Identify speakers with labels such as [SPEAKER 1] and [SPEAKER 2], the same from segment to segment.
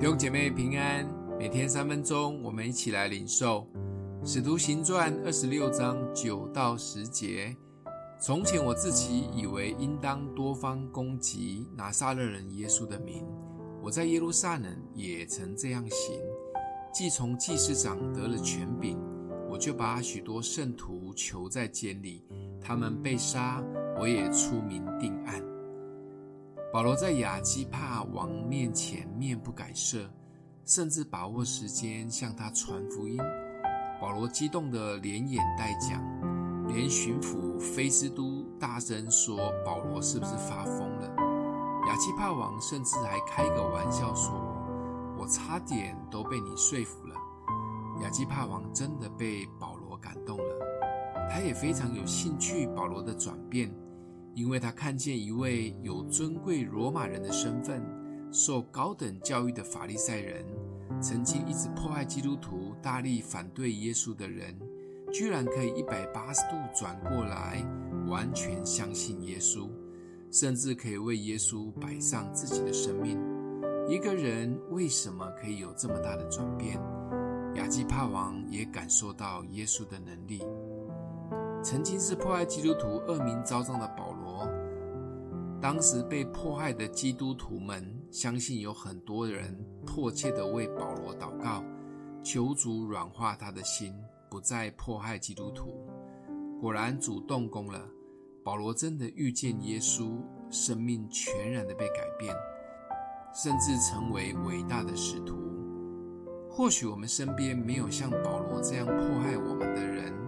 [SPEAKER 1] 弟兄姐妹平安，每天三分鐘，我們一起來領受《使徒行傳》二十六章九到十節。從前我自己以為應當多方攻擊拿撒勒人耶穌的名，我在耶路撒冷也曾這樣行。既從祭司長得了權柄，我就把許多聖徒囚在監裡，他們被殺，我也出名定案。保羅在亞基帕王面前面不改色，甚至把握時間向他傳福音。保羅激動的連演帶講，連巡撫非斯都大聲說：“保羅是不是發瘋了？”亞基帕王甚至還開個玩笑說：“我差點都被你說服了。”亞基帕王真的被保羅感動了，他也非常有興趣保羅的轉變。因為他看見一位有尊貴羅馬人的身份、受高等教育的法利賽人，曾經一直迫害基督徒、大力反對耶穌的人，居然可以一百八十度轉過來，完全相信耶穌，甚至可以為耶穌擺上自己的生命。一個人為什麼可以有這麼大的轉變？亞基帕王也感受到耶穌的能力，曾經是迫害基督徒、惡名昭彰的保。當時被迫害的基督徒們，相信有很多人迫切地為保羅禱告，求主軟化他的心，不再迫害基督徒。果然，主動工了，保羅真的遇見耶穌，生命全然的被改變，甚至成為偉大的使徒。或許我們身邊沒有像保羅這樣迫害我們的人。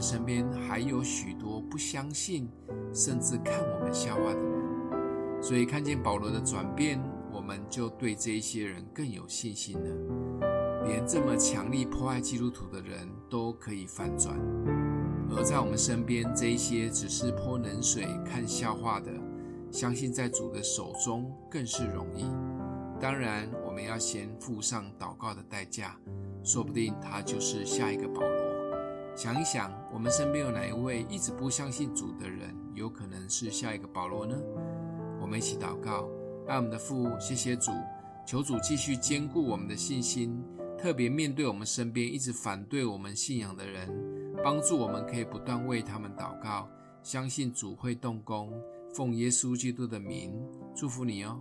[SPEAKER 1] 身邊還有許多不相信，甚至看我們笑話的人，所以看見保羅的轉變，我們就對這一些人更有信心了。連這麼強力迫害基督徒的人都可以翻轉，而在我們身邊這一些只是潑冷水、看笑話的，相信在主的手中更是容易。當然，我們要先付上禱告的代價，說不定他就是下一個保羅。想一想，我們身邊有哪一位一直不相信主的人，有可能是下一個保羅呢？我們一起禱告，愛我們的父，謝謝主，求主繼續堅固我們的信心，特別面對我們身邊一直反對我們信仰的人，幫助我們可以不斷為他們禱告，相信主會動工。奉耶穌基督的名，祝福你哦。